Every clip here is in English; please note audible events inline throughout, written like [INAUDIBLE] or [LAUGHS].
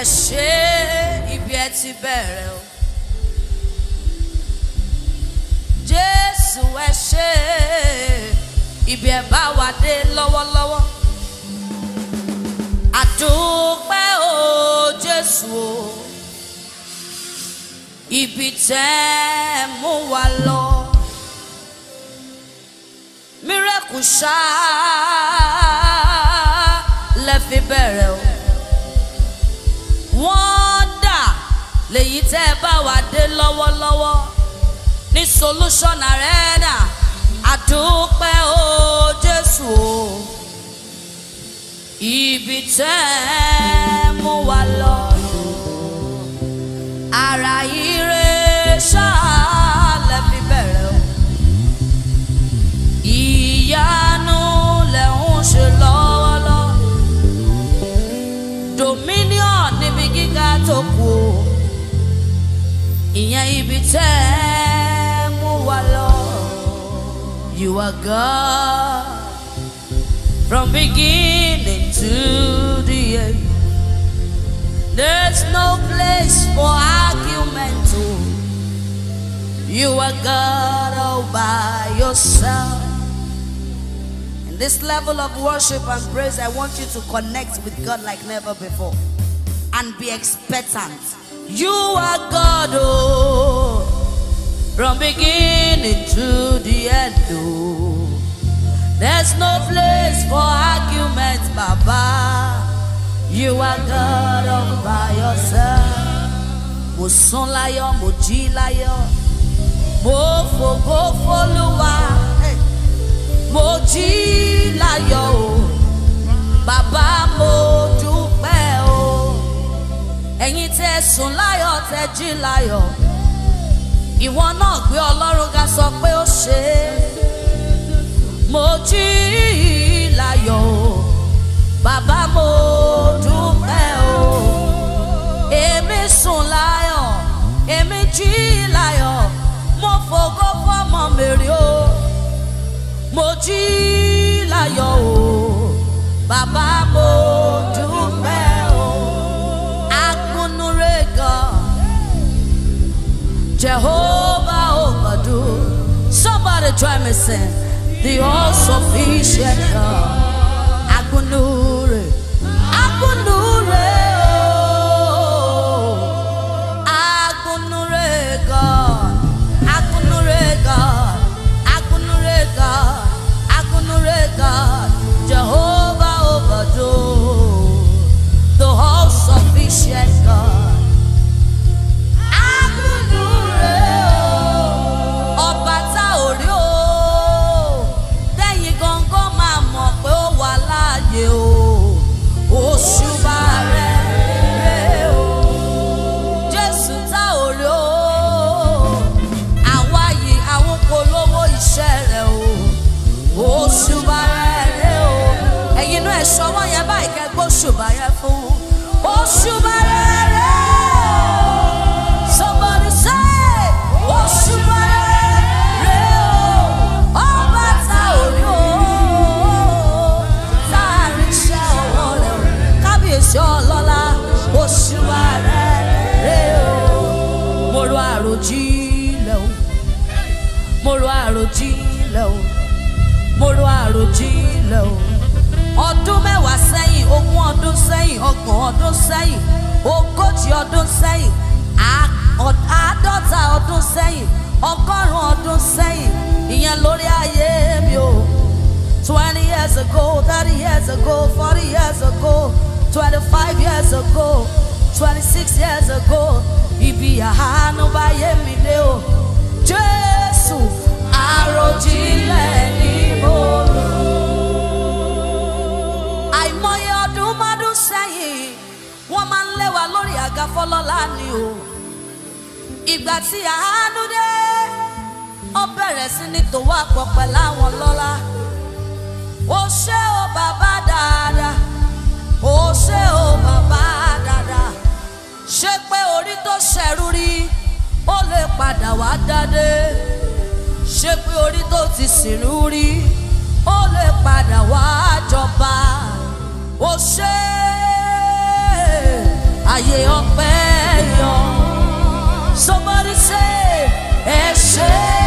ẹ ṣe ibi ẹ ti bẹ̀rẹ̀ o jésù ẹ ṣe ibi ẹ bá wà dé lọ́wọ́lọ́wọ́ àdúpẹ́ o jésù o ibi tẹ́ ẹ mú wa lọ mírẹ́kù ṣáá lẹ fi bẹ̀rẹ̀ o. tẹ́ ẹ bá wà dé lọ́wọ́lọ́wọ́ ní solution arena àdúpẹ́ o Jésù o ibi tẹ́ ẹ mú wa lọ ara ire ṣáà lẹ fi bẹ̀rẹ̀ o ìyanu lẹ ń ṣe lọ́wọ́lọ́wọ́ dominion níbi gíga tó kù o. ìyẹn ibi tẹ́ ẹ You are God from beginning to the end. There's no place for argument. Oh. You are God all by yourself. In this level of worship and praise, I want you to connect with God like never before and be expectant. You are God, oh, from beginning to the end, oh. There's no place for arguments, Baba. You are God all by yourself. Mo sùn láyọ̀, mo jí láyọ̀. Mo fògo f'Olúwa. Mo jí láyọ̀, oh. Baba, mo ẹ̀yin tẹ́ sùn láyọ̀ tẹ́ jí láyọ̀ ìwọ náà gbé ọlọ́run ga sọ pé ó ṣe é mo jí láyọ̀ o bàbá mo dúpẹ́ o èmi sùn láyọ̀ èmi jí láyọ̀ mo fògo fọmọ mèrè o mo jí láyọ̀ o bàbá mo dúpẹ́ o. Jehovah overdo. Somebody try me sing the all-sufficient God. I could know. ọgbọ̀n ọdún sẹ́yìn years ago thirty years ago forty years ago twenty five years ago twenty six years ago wọ́n máa ń lé wa lórí àga fọlọ́lá ni o ìgbà tí àánú dé ó bẹ̀rẹ̀ sí ní tò wá pọ̀ pẹ̀lú àwọn lọ́lá ó ṣé o bàbá dáadáa ó ṣé o bàbá dáadáa ṣé pé orí tó ṣẹ̀rú rí ó lè padà wá dádé ṣé pé orí tó ti sìnrú rí ó lè padà wá jọba ó ṣé o. Oh, somebody say ẹ ṣe.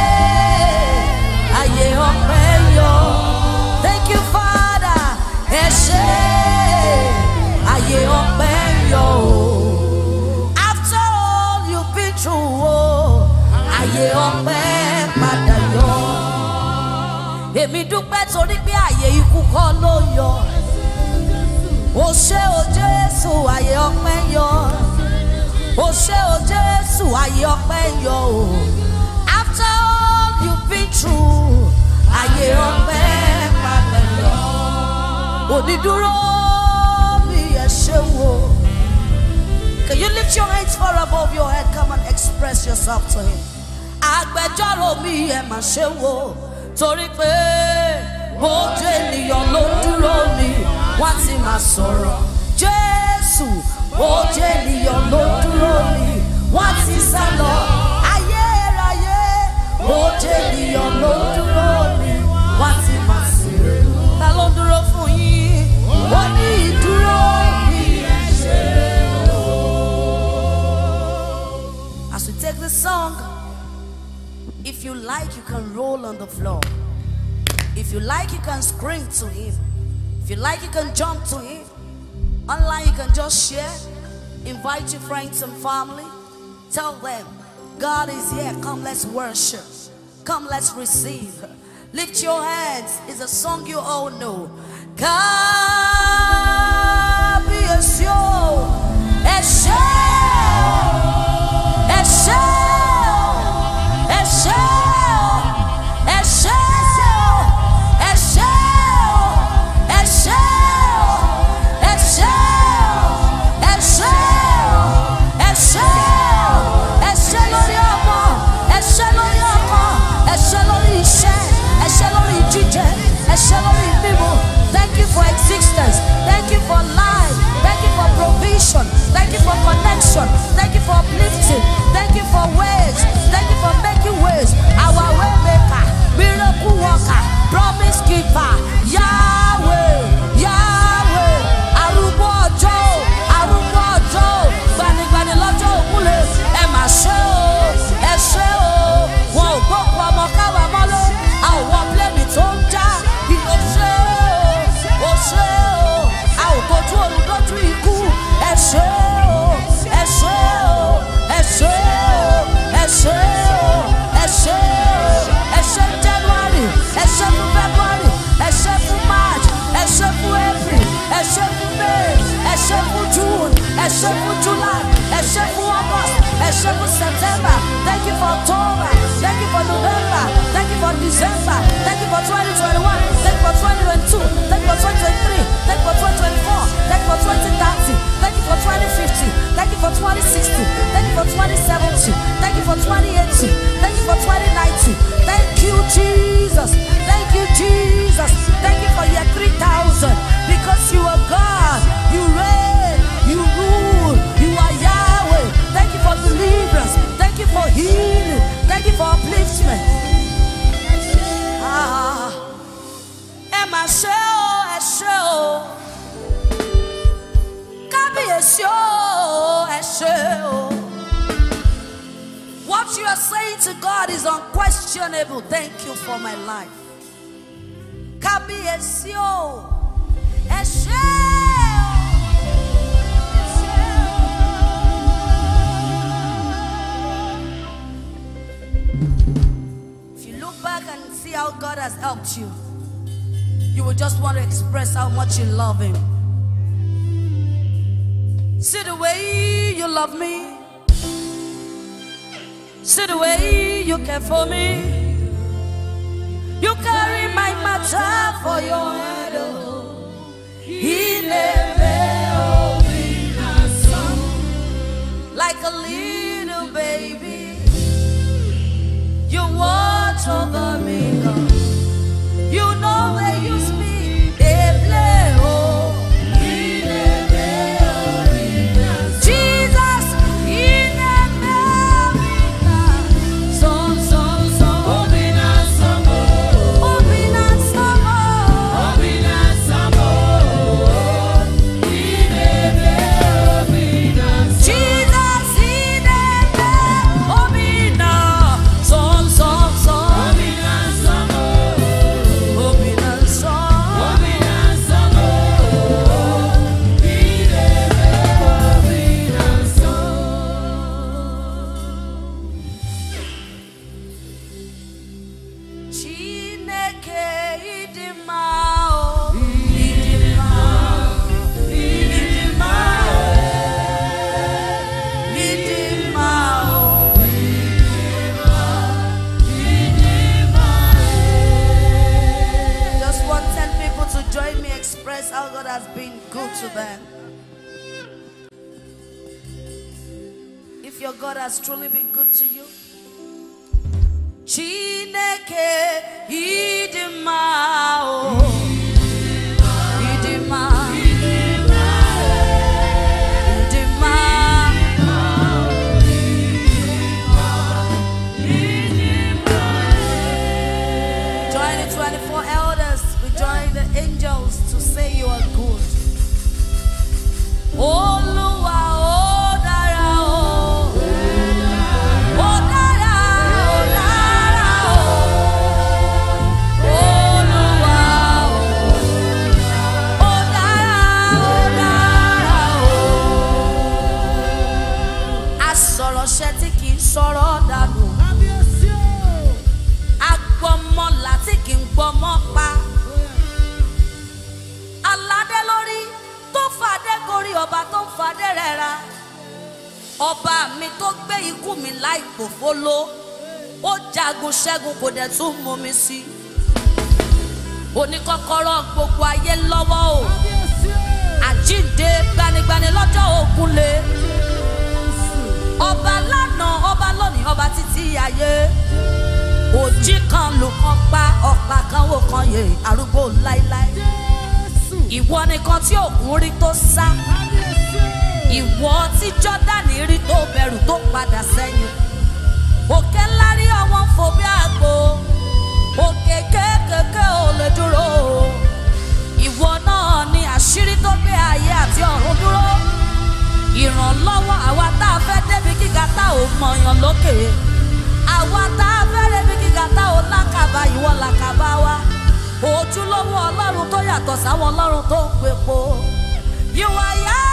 ṣe After all you been through, ayé ọpẹ́ padà yọ. Onídúró mi ẹ ṣe wo. Can you lift your hands far above your head? Come and express yourself to him. Agbẹjọ́rò mi ẹ mà ṣe wo torí pé bójú ènìyàn ló dúró mi wọ́n ti máa sọ̀rọ̀ Jésù ó jẹ́ ènìyàn ló dúró ni wọ́n ti sá lọ ayérayé ó jẹ́ ènìyàn ló dúró ni wọ́n ti dúró fún yín As we take this song, if you like, you can roll on the floor. If you like, you can scream to him. If you like, you can jump to him. Online, you can just share, invite your friends and family, tell them, God is here. Come, let's worship. Come, let's receive. Lift your hands. It's a song you all know. God be a show. ṣe fún July ẹ ṣe fún August ẹ ṣe fún September thank you for October thank you for November thank you for December thank you for twenty twenty one thank you for twenty twenty two thank you for twenty twenty three thank you for twenty twenty four thank you for twenty thirty thank you for twenty fifty thank you. See the way you care for me. You carry my matter for your head. Oh. He never like a leaf. how God has been good to them. If your God has truly been good to you, Chineke idima o oh. dẹ̀ tún mú mi sí oníkọ́kọ́rọ́ gbogbo ayé lọ́wọ́ o àjíǹde gbanigbani lọ́jọ́ ògúnlé ọba lánàá ọba lónìí ọba títí ayé òjì kan lùkàn pa ọ̀pá kan wò kan yè arúgbó láíláí ìwọ nìkan tí òkun rí tó sá ìwọ tí Jọ́dánì rí tó bẹ̀rù tó padà sẹ́yìn fò bí ni àṣírí tó gbé ayé àti ọ̀run dúró ìrànlọ́wọ́ àwa tá a fẹ́ débi gíga tá ò mọ̀yàn lókè àwa tá a fẹ́ débi gíga tá ò lákàbà ìwọ làkàbà wa ojúlówó ọlọ́run tó yàtọ̀ sáwọn ọlọ́run tó ń gbèpo ìwà yá.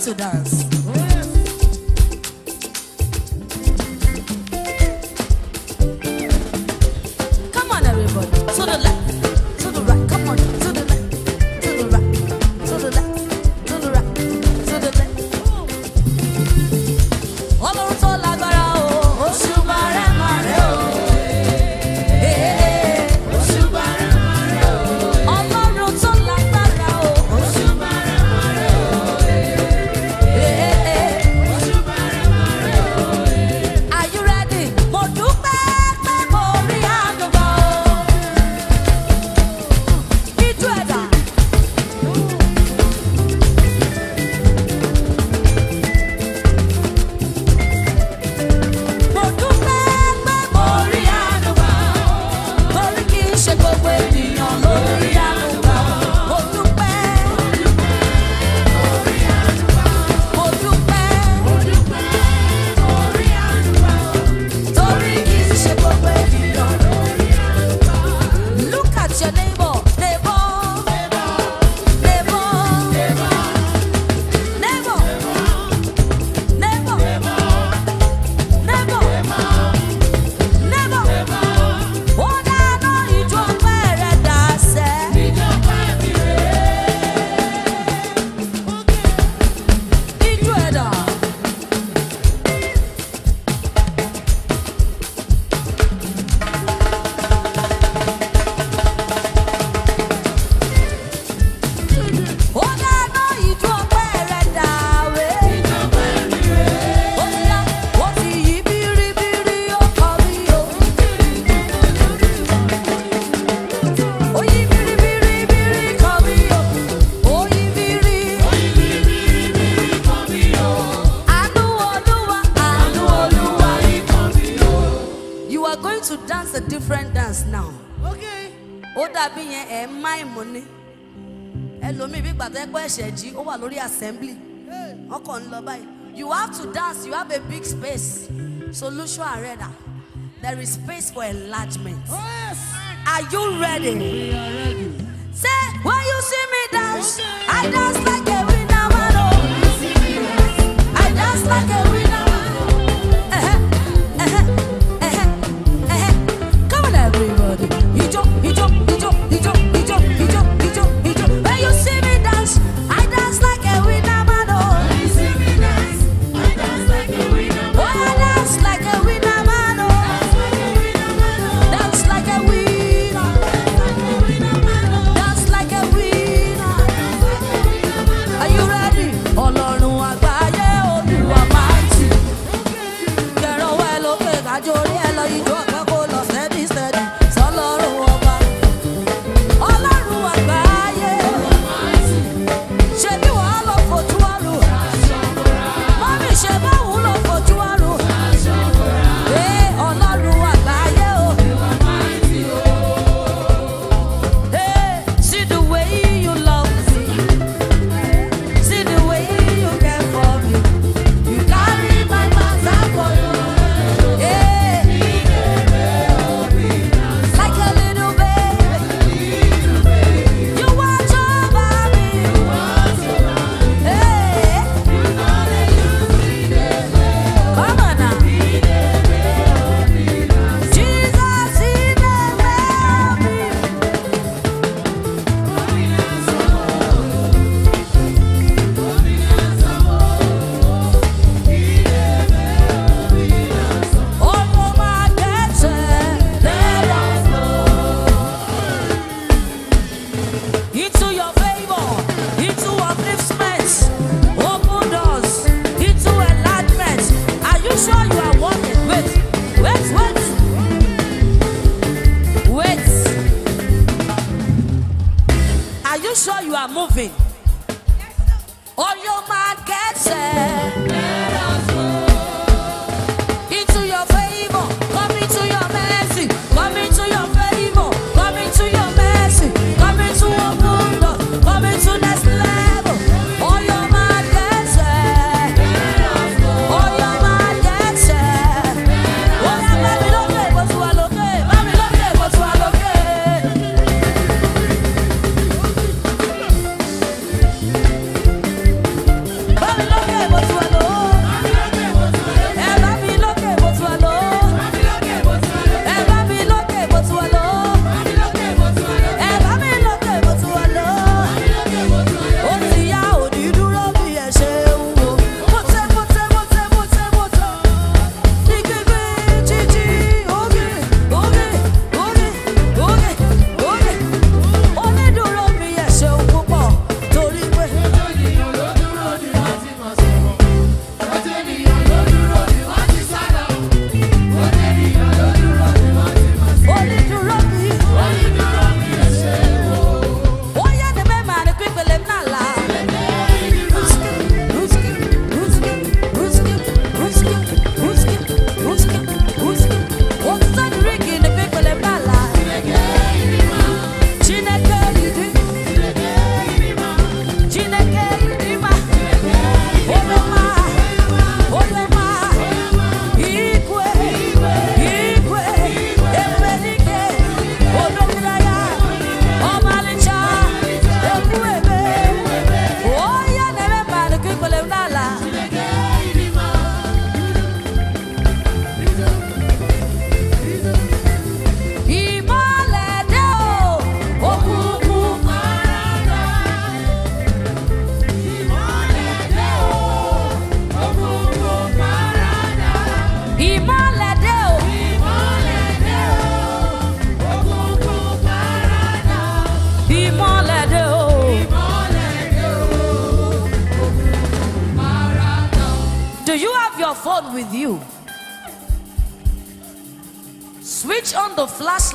to dance. Oda dàbí yẹn ẹ̀ má ìmọ̀ ni ẹlòmíì bí gbàtọ́ ẹ̀kọ́ ẹ̀ṣẹ̀ jí ó wà lórí assembly ọkọ̀ ń lọ báyìí you have to dance you have a big space solution arena there is space for enlargement are you ready? We are ready. say when you see me dance I dance like a.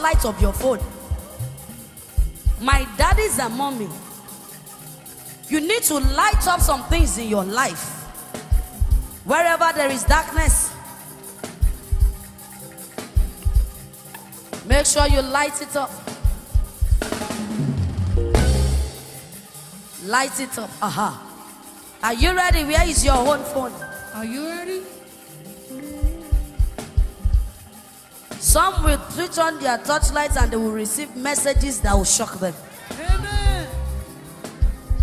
light of your phone. My daddy's and mommy, you need to light up some things in your life. Wherever there is darkness, make sure you light it up. Light it up. Aha. Are you ready? Where is your own phone? Are you ready? Some will switch on their touchlights and they will receive messages that will shock them. Amen.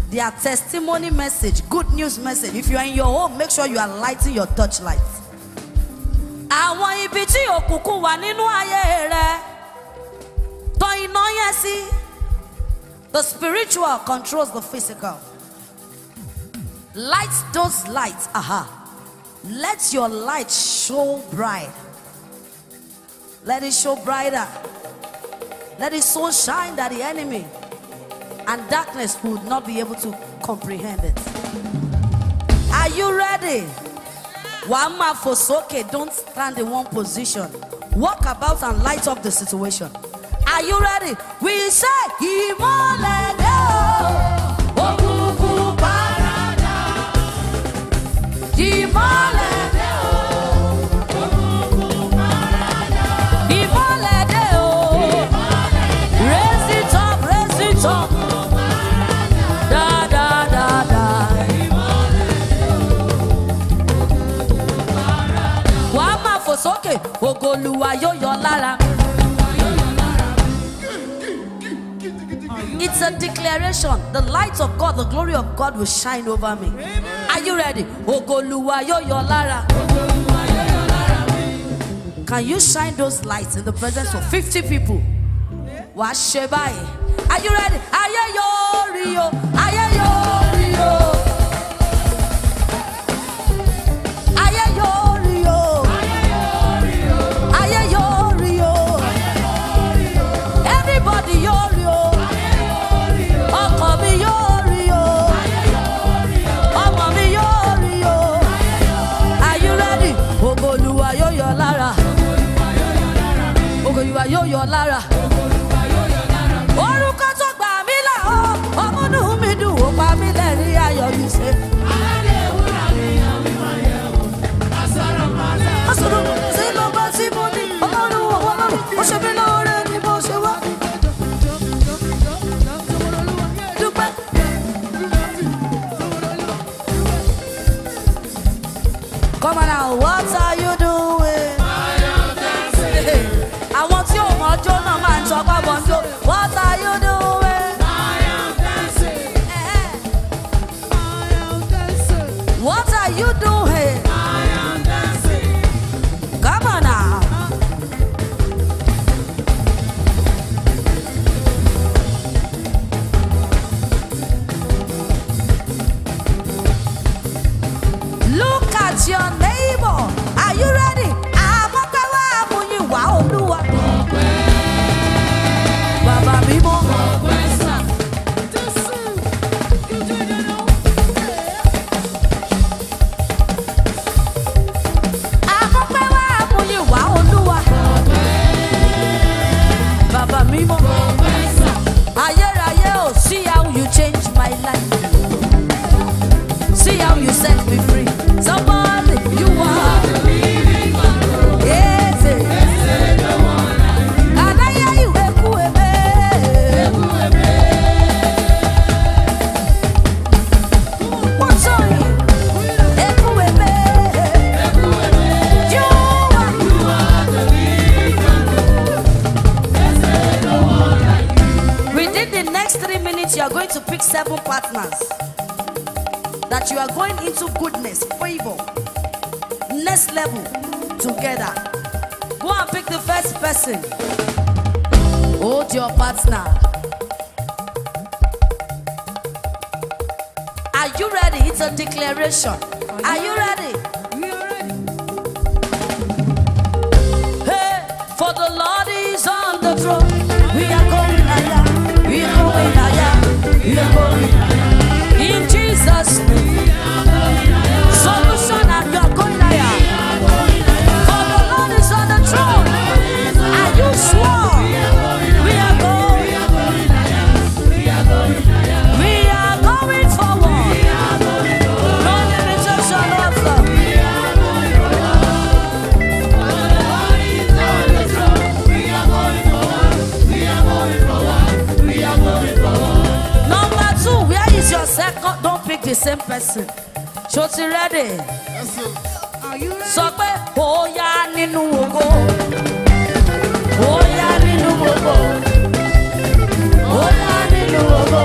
Their testimony message, good news message. If you are in your home, make sure you are lighting your torchlight. Àwọn ibi tí òkùnkùn wà nínú ayé rẹ̀ iná yẹn sí. The spiritual controls the physical. Light those lights. Aha. Let your light show bright. Let it show brighter. Let it so shine that the enemy and darkness would not be able to comprehend it. Are you ready? One man for soke. Don't stand in one position. Walk about and light up the situation. Are you ready? We say, Imole Deo. Okuku olúwa yóò yọ lára It's a declaration. The light of God, the glory of God will shine over me. Are you ready? Ogoluwa yo yo lara. Can you shine those lights in the presence of 50 people? Washebai. Are you ready? Aye yo rio. Aye Are you ready? the same person ṣó ti rẹ́dì sọ pé ó yá nínú ògo ó yá nínú ògo ó yá nínú ògo.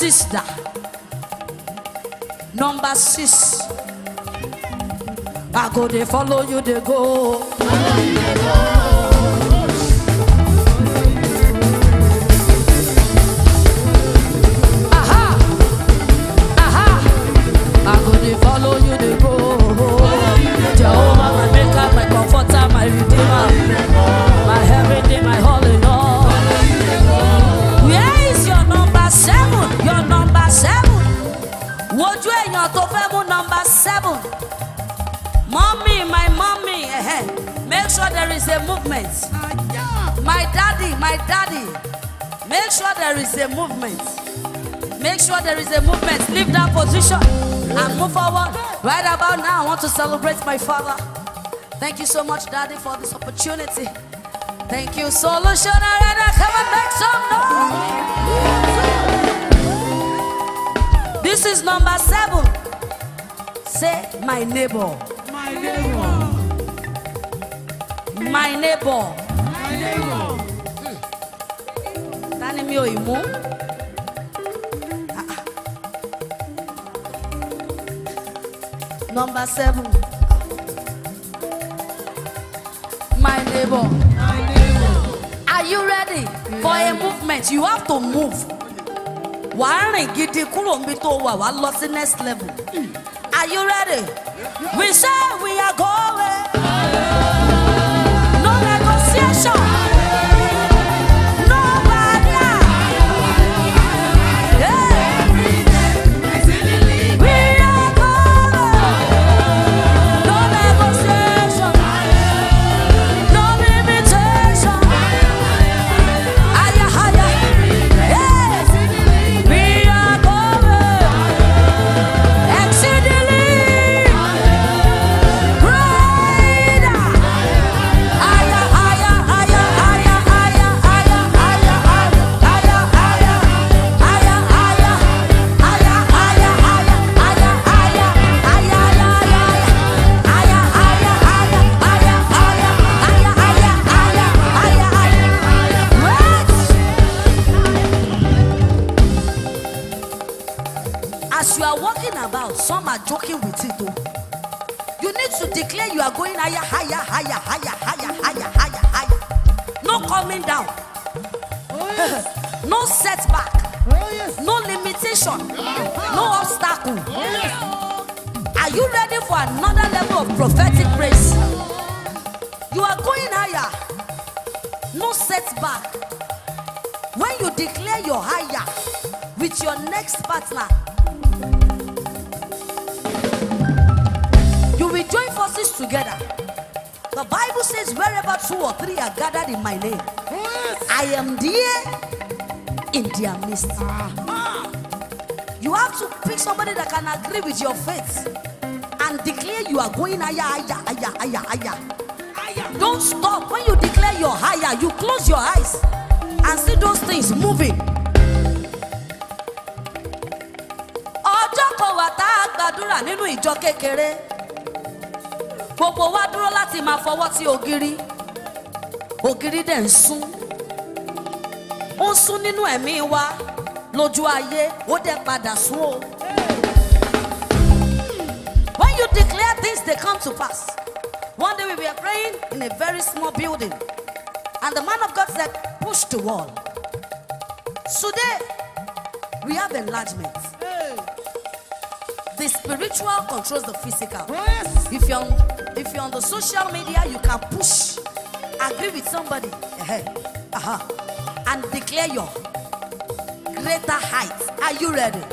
sister number six i go they follow you They go. move forward. Right about now, I want to celebrate my father. Thank you so much, Daddy, for this opportunity. Thank you, Solution Arena. Come and make some noise. This is number seven. Say, my neighbor. My neighbor. My neighbor. My neighbor. Tani mi number seven. My neighbor. My neighbor. Are you ready for a movement? You have to move. Wà á rìn gidi kúrò níbi tó wà wá lọ sí next level. Are you ready? We say we are going. higher, higher, higher, higher, higher, higher, higher, higher. No coming down. Oh, yes. [LAUGHS] no setback. Oh, yes. No limitation. Uh-huh. No obstacle. Oh, are you ready for another level of prophetic grace? You are going higher. No setback. When you declare your higher with your next partner, Bible says, wherever two or three are gathered in my name, yes. I am there in their midst. Ah. You have to pick somebody that can agree with your faith and declare you are going higher, higher, higher, higher, higher. Don't stop. When you declare you're higher, you close your eyes and see those things moving. ọjọ́ kan wà tá a gbàdúrà nínú ìjọ kékeré gbogbo wa dúró láti máa fọwọ́ ti ògiri ògiri dẹ̀ ń sún ó ń sún nínú ẹ̀mí wa lójú ayé ó dẹ̀ padà sún o. When you declare things they come to pass. One day we were praying in a very small building and the man of God said push the wall. Today we have enlargement. The spiritual controls the physical. yes. If you're on, if you're on the social media, you can push, agree with somebody, uh-huh, and declare your greater height. Are you ready?